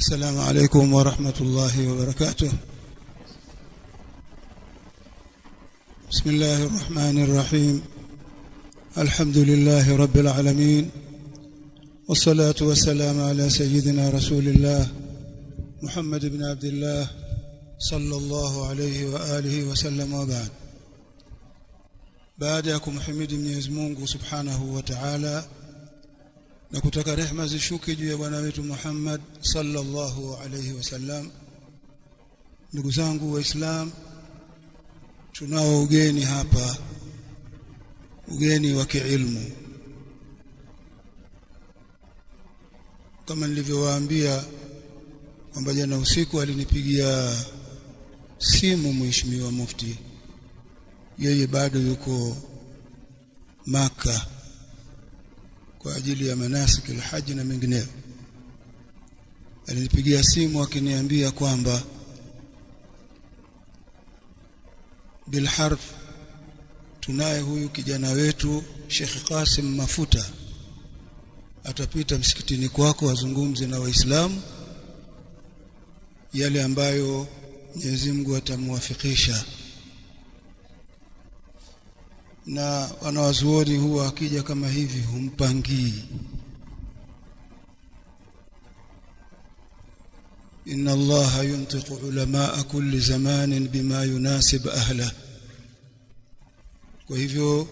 السلام عليكم ورحمة الله وبركاته بسم الله الرحمن الرحيم الحمد لله رب العالمين والصلاة والسلام على سيدنا رسول الله محمد بن عبد الله صلى الله عليه وآله وسلم وبعد baada ya kumhimidi Mwenyezi سبحانه وتعالى na kutaka rehma zishuke juu ya bwana wetu Muhammad sallallahu alayhi wasallam. Ndugu zangu Waislam, tunao ugeni hapa, ugeni wa kiilmu. Kama nilivyowaambia kwamba jana usiku alinipigia simu mheshimiwa mufti, yeye bado yuko Maka kwa ajili ya manasik alhaji na mengineyo alinipigia simu akiniambia kwamba bilharf tunaye huyu kijana wetu Sheikh Qasim Mafuta atapita msikitini kwako azungumze na Waislamu yale ambayo Mwenyezi Mungu atamwafikisha na wanawazuoni huwa akija kama hivi humpangii إن الله ينطق علماء كل زمان بما يناسب ahla kwa hivyo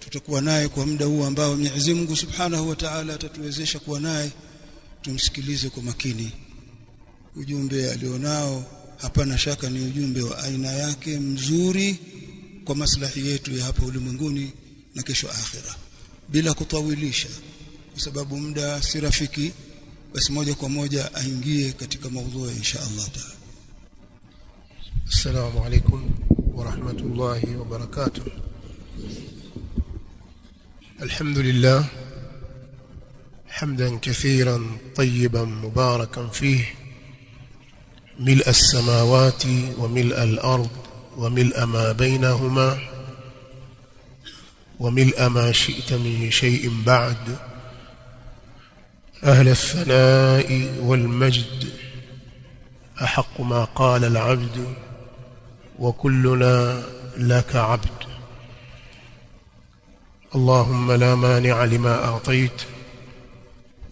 tutakuwa naye kwa muda huu ambao Mwenyezi Mungu Subhanahu wa Ta'ala atatuwezesha kuwa naye tumsikilize kwa makini ujumbe alionao hapana shaka ni ujumbe wa aina yake mzuri kwa maslahi yetu ya hapa ulimwenguni na kesho akhira bila kutawilisha kwa sababu muda si rafiki basi moja kwa moja aingie katika maudhui insha Allah taala Assalamu alaykum wa rahmatullahi wa barakatuh Alhamdulillah hamdan kathiran tayyiban mubarakan fihi ملء السماوات وملء الأرض وملء ما بينهما وملء ما شئت من شيء بعد أهل الثناء والمجد أحق ما قال العبد وكلنا لك عبد اللهم لا مانع لما أعطيت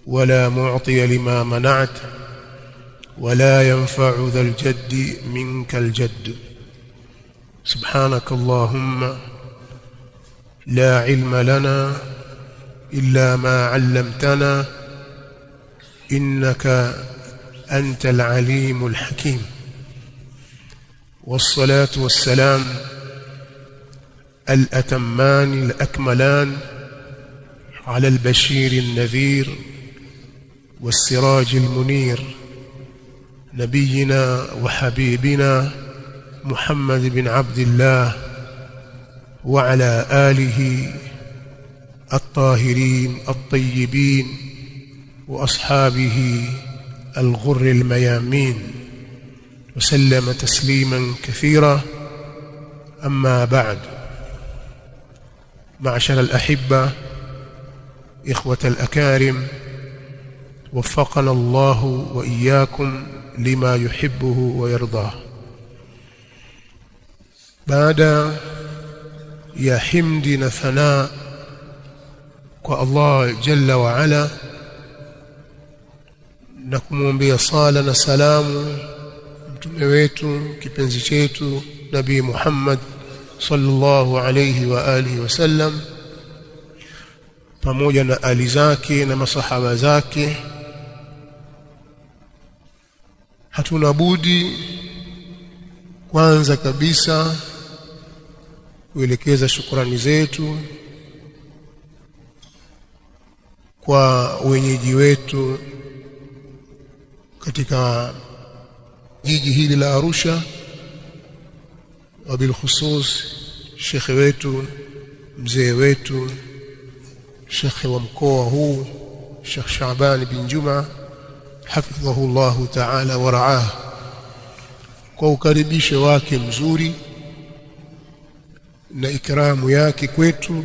ولا معطي لما منعت ولا ينفع ذا الجد منك الجد سبحانك اللهم لا علم لنا إلا ما علمتنا إنك أنت العليم الحكيم والصلاة والسلام الأتمان الأكملان على البشير النذير والسراج المنير نبينا وحبيبنا محمد بن عبد الله وعلى آله الطاهرين الطيبين وأصحابه الغر الميامين وسلم تسليما كثيرا أما بعد معشر الأحبة إخوة الأكارم وفقنا الله وإياكم لما يحبه ويرضاه baada ya himdi na thana kwa Allah jalla wa ala na kumwombea sala na salamu mtume wetu kipenzi chetu nabii Muhammad sallallahu alayhi wa alihi wasallam pamoja na ali zake na masahaba zake hatuna budi kwanza kabisa kuelekeza shukrani zetu kwa wenyeji wetu katika jiji hili la Arusha bilkhusus shekhe wetu mzee wetu shekhe wa mkoa huu Sheikh Shaaban bin Juma hafidhahu Allahu taala wa raah kwa ukaribisho wake mzuri na ikramu yake kwetu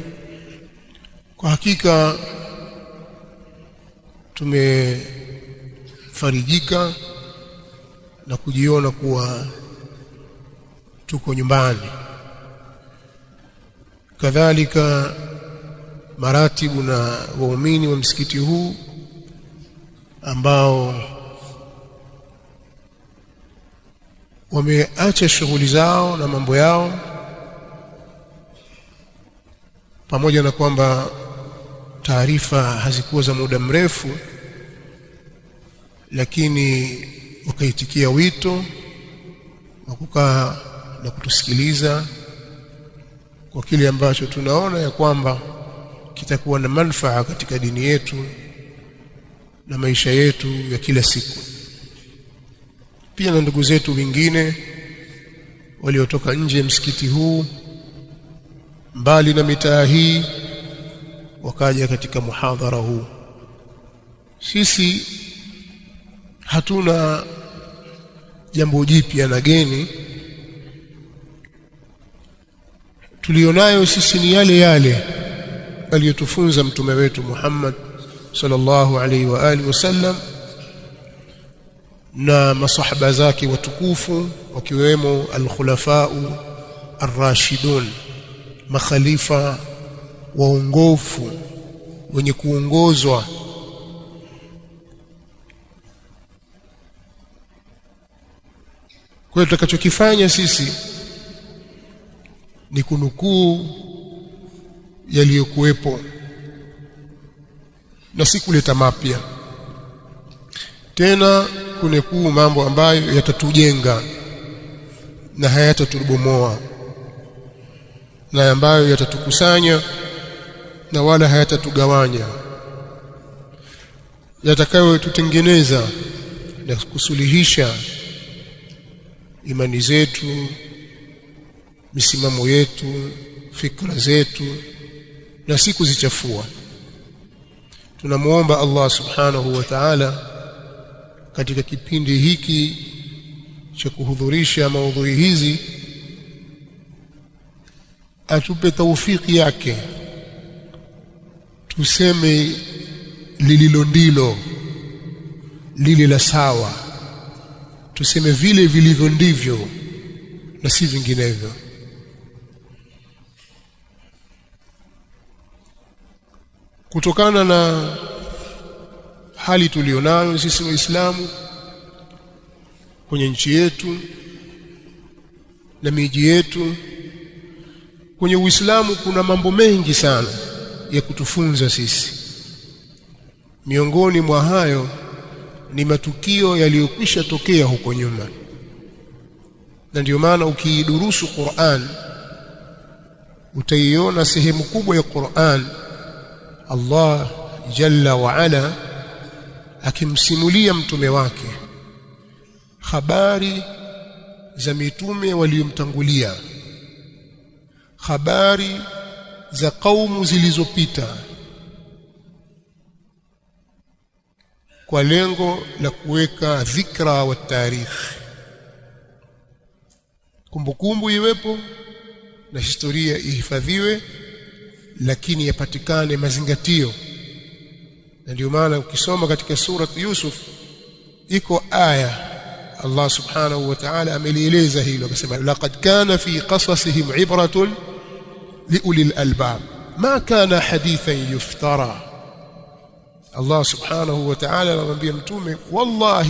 kwa hakika tumefarijika na kujiona kuwa tuko nyumbani kadhalika maratibu na waumini wa msikiti huu ambao wameacha shughuli zao na mambo yao pamoja na kwamba taarifa hazikuwa za muda mrefu, lakini wakaitikia wito wa kukaa na kutusikiliza kwa kile ambacho tunaona ya kwamba kitakuwa na manufaa katika dini yetu na maisha yetu ya kila siku, pia na ndugu zetu wengine waliotoka nje ya msikiti huu mbali na mitaa hii wakaja katika muhadhara huu sisi hatuna jambo jipya na geni tulionayo sisi ni yale yale aliyotufunza mtume wetu Muhammad sallallahu alaihi wa alihi wasallam na masahaba zake watukufu wakiwemo alkhulafau arrashidun makhalifa waongofu wenye kuongozwa kwa tutakachokifanya sisi ni kunukuu yaliyokuwepo na si kuleta mapya tena kunekuu mambo ambayo yatatujenga na hayatatubomoa na ambayo yatatukusanya na wala hayatatugawanya yatakayotutengeneza na kusuluhisha imani zetu misimamo yetu fikra zetu na si kuzichafua tunamuomba Allah subhanahu wa ta'ala katika kipindi hiki cha kuhudhurisha maudhui hizi atupe taufiki yake tuseme lililo ndilo lile la sawa tuseme vile vilivyo ndivyo na si vinginevyo kutokana na hali tulionayo sisi waislamu kwenye nchi yetu na miji yetu kwenye Uislamu kuna mambo mengi sana ya kutufunza sisi. Miongoni mwa hayo ni matukio yaliyokwisha tokea huko nyuma, na ndio maana ukiidurusu Qur'an utaiona sehemu kubwa ya Qur'an Allah jalla wa ala akimsimulia mtume wake habari za mitume waliomtangulia habari za kaumu zilizopita kwa lengo la kuweka dhikra wa tarikhi kumbukumbu iwepo na historia ihifadhiwe lakini yapatikane mazingatio na ndio maana ukisoma katika surat Yusuf iko aya Allah subhanahu wa ta'ala amelieleza hilo akasema laqad kana fi qasasihim ibratun لأولي الألباب ما كان حديثا يفترى الله سبحانه وتعالى لما بيمتومي والله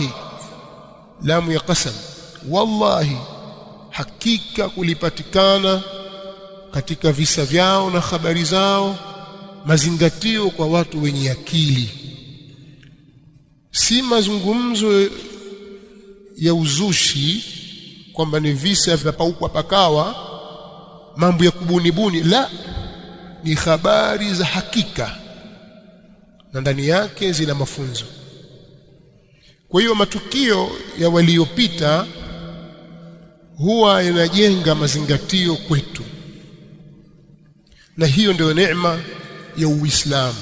لا ميقسم والله حقيقة كلباتكانا كتك في سفياو نخبرزاو ما زنغتيو قواتو وين يكيلي سي mazungumzo ya uzushi kwamba ni visa vya mambo ya kubunibuni la ni habari za hakika na ndani yake zina mafunzo kwa hiyo matukio ya waliopita huwa yanajenga mazingatio kwetu na hiyo ndio neema ya Uislamu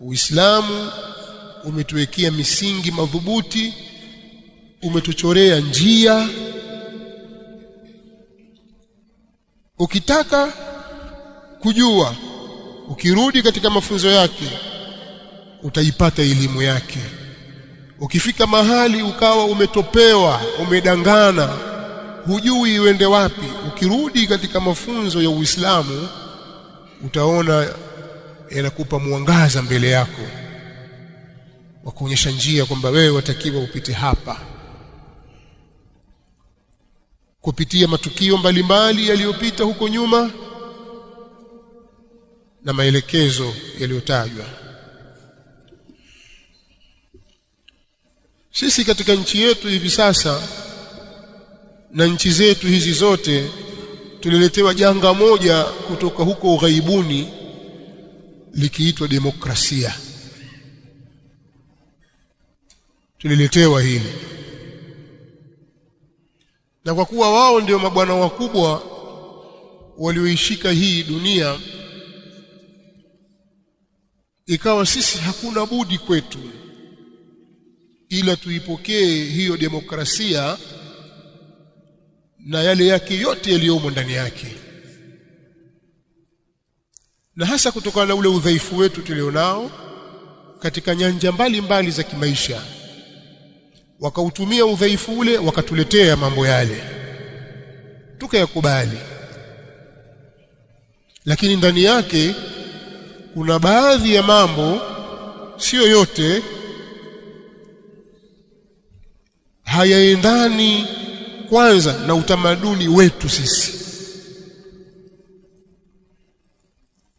Uislamu umetuwekea misingi madhubuti umetuchorea njia ukitaka kujua ukirudi katika mafunzo yake utaipata elimu yake ukifika mahali ukawa umetopewa umedangana hujui uende wapi ukirudi katika mafunzo ya Uislamu utaona yanakupa mwangaza mbele yako wa kuonyesha njia kwamba wewe watakiwa upite hapa kupitia matukio mbalimbali yaliyopita huko nyuma na maelekezo yaliyotajwa sisi katika nchi yetu hivi sasa na nchi zetu hizi zote tuliletewa janga moja kutoka huko ughaibuni likiitwa demokrasia tuliletewa hili na kwa kuwa wao ndio mabwana wakubwa walioishika hii dunia ikawa sisi hakuna budi kwetu ila tuipokee hiyo demokrasia na yale yake yote yaliyomo ndani yake na hasa kutokana na ule udhaifu wetu tulionao katika nyanja mbalimbali mbali za kimaisha wakautumia udhaifu ule wakatuletea mambo yale tukayakubali lakini ndani yake kuna baadhi ya mambo sio yote hayaendani kwanza na utamaduni wetu sisi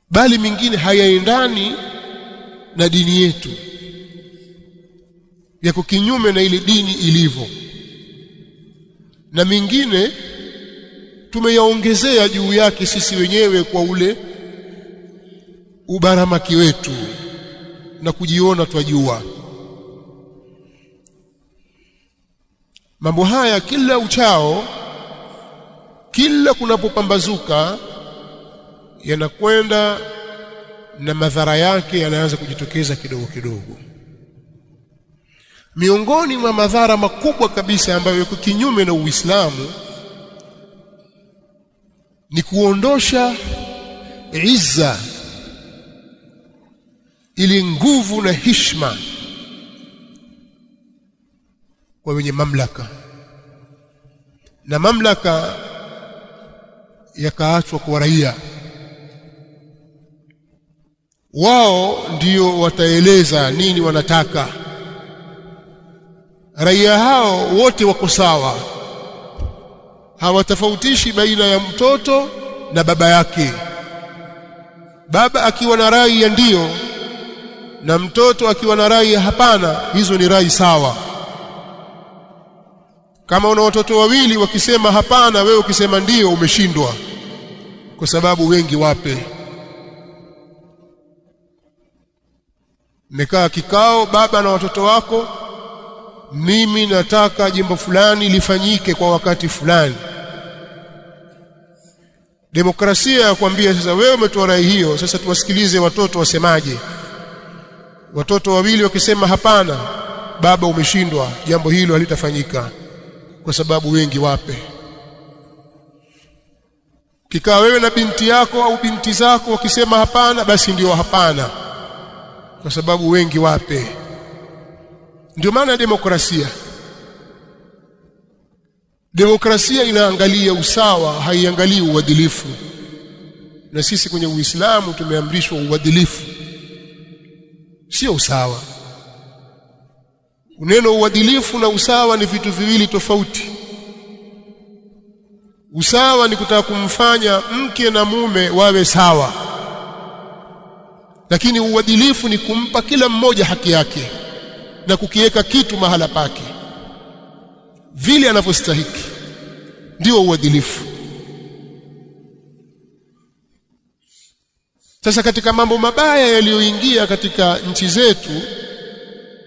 bali mingine hayaendani na dini yetu ya kinyume na ile dini ilivyo na mingine tumeyaongezea juu yake sisi wenyewe kwa ule ubaramaki wetu na kujiona twajua mambo haya kila uchao kila kunapopambazuka yanakwenda na madhara yake yanaanza kujitokeza kidogo kidogo miongoni mwa madhara makubwa kabisa ambayo yako kinyume na Uislamu ni kuondosha izza ili nguvu na hishma kwa wenye mamlaka na mamlaka yakaachwa kwa raia wao ndio wataeleza nini wanataka raia hao wote wako sawa hawatofautishi baina ya mtoto na baba yake baba akiwa na rai ya ndiyo na mtoto akiwa na rai ya hapana hizo ni rai sawa kama una watoto wawili wakisema hapana wewe ukisema ndiyo umeshindwa kwa sababu wengi wape nikaa kikao baba na watoto wako mimi nataka jimbo fulani lifanyike kwa wakati fulani demokrasia ya kuambia sasa wewe umetoa rai hiyo sasa tuwasikilize watoto wasemaje watoto wawili wakisema hapana baba umeshindwa jambo hilo halitafanyika kwa sababu wengi wape kikaa wewe na binti yako au binti zako wakisema hapana basi ndio hapana kwa sababu wengi wape ndio maana demokrasia demokrasia inaangalia usawa haiangalii uadilifu na sisi kwenye Uislamu tumeamrishwa uadilifu sio usawa neno uadilifu na usawa ni vitu viwili tofauti usawa ni kutaka kumfanya mke na mume wawe sawa lakini uadilifu ni kumpa kila mmoja haki yake na kukiweka kitu mahala pake vile anavyostahiki ndio uadilifu sasa katika mambo mabaya yaliyoingia katika nchi zetu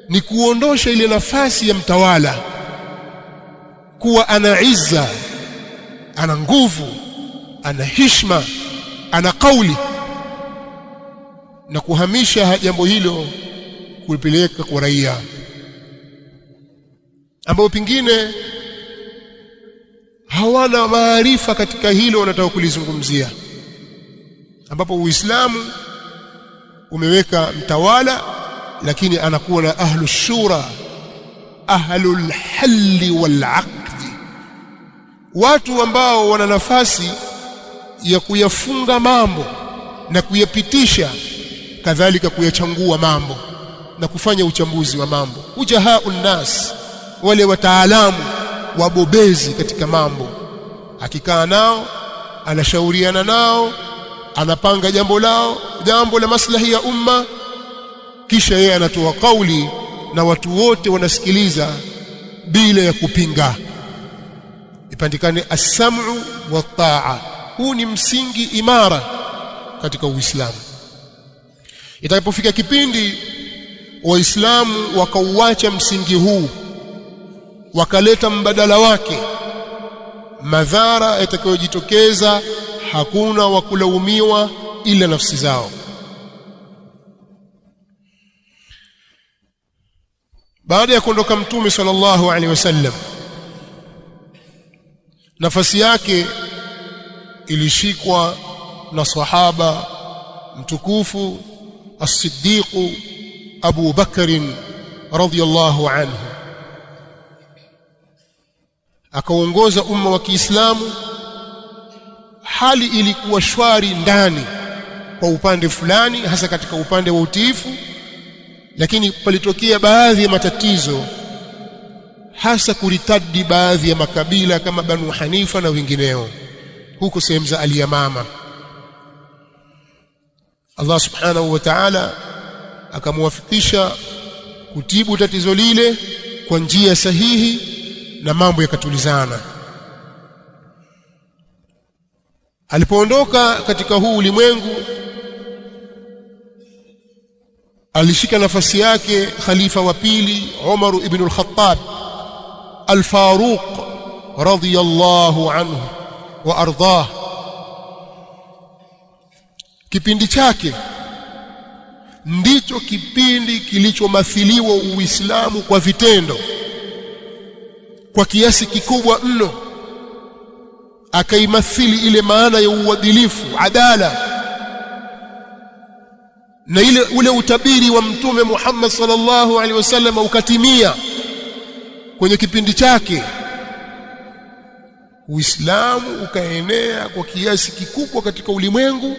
ni kuondosha ile nafasi ya mtawala kuwa ana izza ana nguvu ana hishma ana kauli na kuhamisha jambo hilo kulipeleka kwa raia ambao pingine hawana maarifa katika hilo wanataka kulizungumzia ambapo Uislamu umeweka mtawala lakini anakuwa na ahlu shura ahlu lhalli walaqdi watu ambao wana nafasi ya kuyafunga mambo na kuyapitisha kadhalika kuyachangua mambo na kufanya uchambuzi wa mambo ujahau nas wale wataalamu wabobezi katika mambo akikaa nao anashauriana nao anapanga jambo lao jambo la maslahi ya umma kisha yeye anatoa kauli na watu wote wanasikiliza bila ya kupinga ipandikane asamu samu wa taa huu ni msingi imara katika Uislamu itakapofika kipindi waislamu wakauacha msingi huu wakaleta mbadala wake madhara yatakayojitokeza hakuna wa kulaumiwa ila nafsi zao baada ya kuondoka mtume sallallahu alaihi wasallam nafasi yake ilishikwa na sahaba mtukufu as-siddiq أبو بكر رضي الله akaongoza umma wa Kiislamu hali ilikuwa shwari ndani kwa upande fulani hasa katika upande wa utiifu lakini palitokea baadhi ya matatizo hasa kuritadi baadhi ya makabila kama Banu Hanifa na wengineo huko sehemu za Aliyamama Allah subhanahu wa ta'ala akamwafikisha kutibu tatizo lile kwa njia sahihi na mambo yakatulizana alipoondoka katika huu ulimwengu alishika nafasi yake khalifa wa pili Umar ibn al-Khattab al-Faruq radiyallahu anhu wa ardhah kipindi chake ndicho kipindi kilichomathiliwa Uislamu kwa vitendo kwa kiasi kikubwa mno akaimathili ile maana ya uadilifu adala na ile ule utabiri wa mtume Muhammad sallallahu alaihi wasallam ukatimia kwenye kipindi chake Uislamu ukaenea kwa kiasi kikubwa katika ulimwengu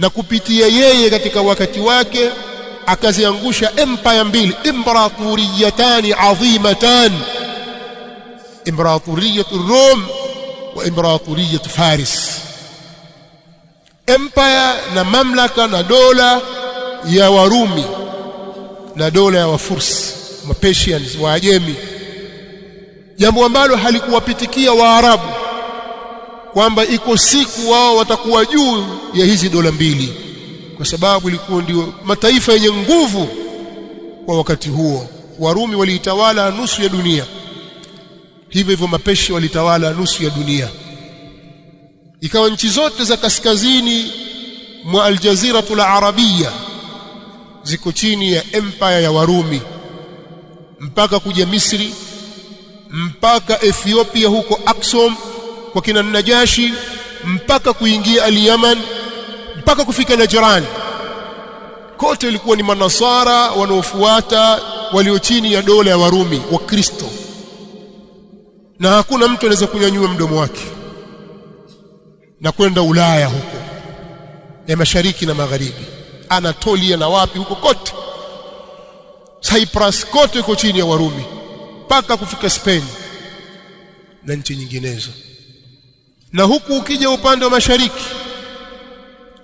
na kupitia yeye katika wakati wake akaziangusha empire mbili imperatoriyatan azimatan imperaturiyat rom wa imperaturiyat Faris empire na mamlaka na dola ya Warumi na dola ya Wafursi Mapersians Waajemi jambo ambalo halikuwapitikia Waarabu kwamba iko siku wao watakuwa juu ya hizi dola mbili kwa sababu ilikuwa ndio mataifa yenye nguvu kwa wakati huo warumi waliitawala nusu ya dunia hivyo hivyo mapeshi walitawala nusu ya dunia ikawa nchi zote za kaskazini mwa tul arabia ziko chini ya empire ya warumi mpaka kuja misri mpaka ethiopia huko aksum kwa kina Najashi mpaka kuingia al-Yaman mpaka kufika Najran kote ilikuwa ni manasara wanaofuata walio chini ya dola ya Warumi wa Kristo na hakuna mtu anaweza kunyanyua mdomo wake na kwenda Ulaya huko ya mashariki na magharibi Anatolia na wapi huko kote Cyprus kote iko chini ya Warumi mpaka kufika Spain na nchi nyinginezo na huku ukija upande wa mashariki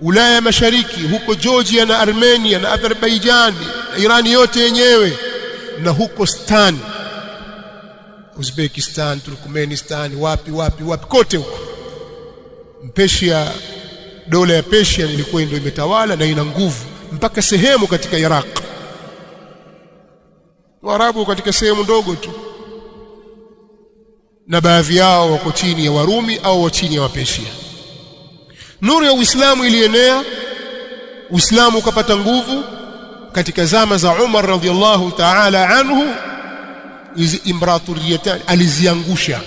Ulaya ya mashariki huko Georgia na Armenia na Azerbaijan na Irani yote yenyewe na huko Stan Uzbekistan Turkmenistan wapi wapi wapi kote huko Persia dola ya Persia ilikuwa ndio imetawala na ina nguvu mpaka sehemu katika Iraq Waarabu katika sehemu ndogo tu na baadhi yao wako chini ya Warumi au wa chini ya Wapersia. Nuru ya Uislamu ilienea, Uislamu ukapata nguvu katika zama za Umar radhiallahu ta'ala anhu. Hizi imperatoria aliziangusha,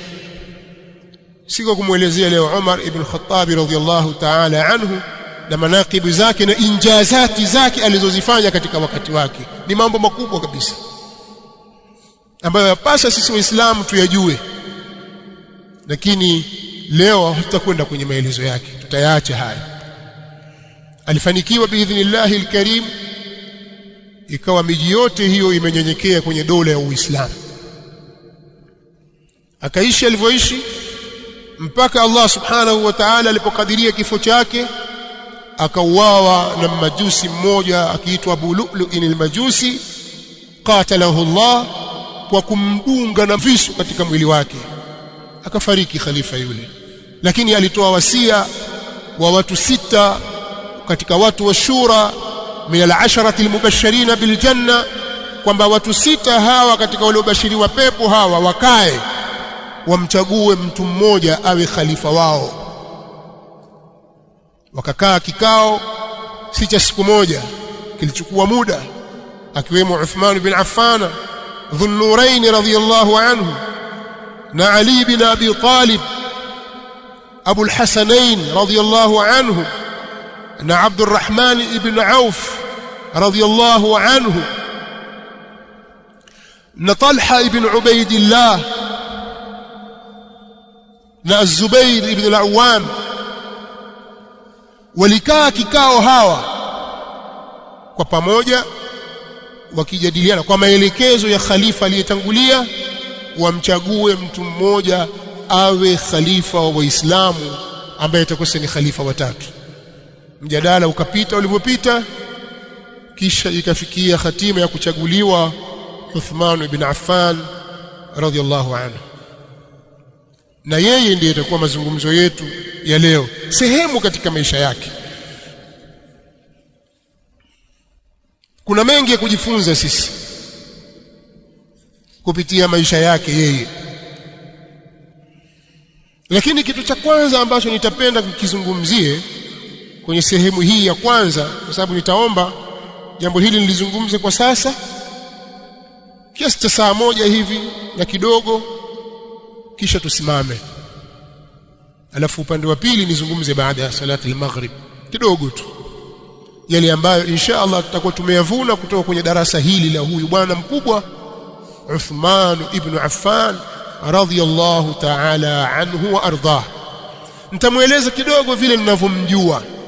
siko kumwelezea leo Umar ibn Khattab radhiallahu ta'ala anhu na manakibu zake na injazati zake alizozifanya katika wakati wake, ni mambo makubwa kabisa ambayo yapasa sisi Waislamu tuyajue lakini leo hatutakwenda kwenye maelezo yake tutayaacha haya alifanikiwa biidhnillahi alkarim ikawa miji yote hiyo imenyenyekea kwenye dola ya Uislamu akaishi alivyoishi mpaka Allah subhanahu wa ta'ala alipokadiria kifo chake akauawa na majusi mmoja akiitwa Abu lmajusi majusi qatalahu Allah kwa kumdunga na visu katika mwili wake akafariki khalifa yule lakini alitoa wasia wa watu sita katika watu wa shura min al-asharati al-mubashirin bil janna kwamba watu sita hawa katika waliobashiriwa pepo hawa wakae wamchague mtu mmoja awe khalifa wao wakakaa kikao si cha siku moja kilichukua muda akiwemo Uthman bin Affan dhunnurain nurain radhiyallahu anhu na Ali bin Abi Talib Abu al-Hasanain radiyallahu anhu na Abdurrahman ibn Auf radiyallahu anhu na Talha ibn Ubaidillah na Zubair ibn al-Awwam walikaa kikao hawa kwa pamoja wakijadiliana kwa maelekezo ya khalifa aliyetangulia wamchague mtu mmoja awe khalifa wa waislamu ambaye atakuwa ni khalifa watatu mjadala ukapita ulivyopita kisha ikafikia hatima ya kuchaguliwa Uthman ibn Affan radhiallahu anhu na yeye ndiye itakuwa mazungumzo yetu ya leo sehemu katika maisha yake kuna mengi ya kujifunza sisi kupitia maisha yake yeye lakini kitu cha kwanza ambacho nitapenda kukizungumzie kwenye sehemu hii ya kwanza kwa sababu nitaomba jambo hili nilizungumze kwa sasa kiasi cha saa moja hivi na kidogo kisha tusimame alafu upande wa pili nizungumze baada ya salati al-maghrib kidogo tu yale ambayo insha Allah tutakuwa tumeyavuna kutoka kwenye darasa hili la huyu bwana mkubwa عثمان ابن عفان رضي الله تعالى عنه وارضاه نتمueleza kidogo vile ninavyomjua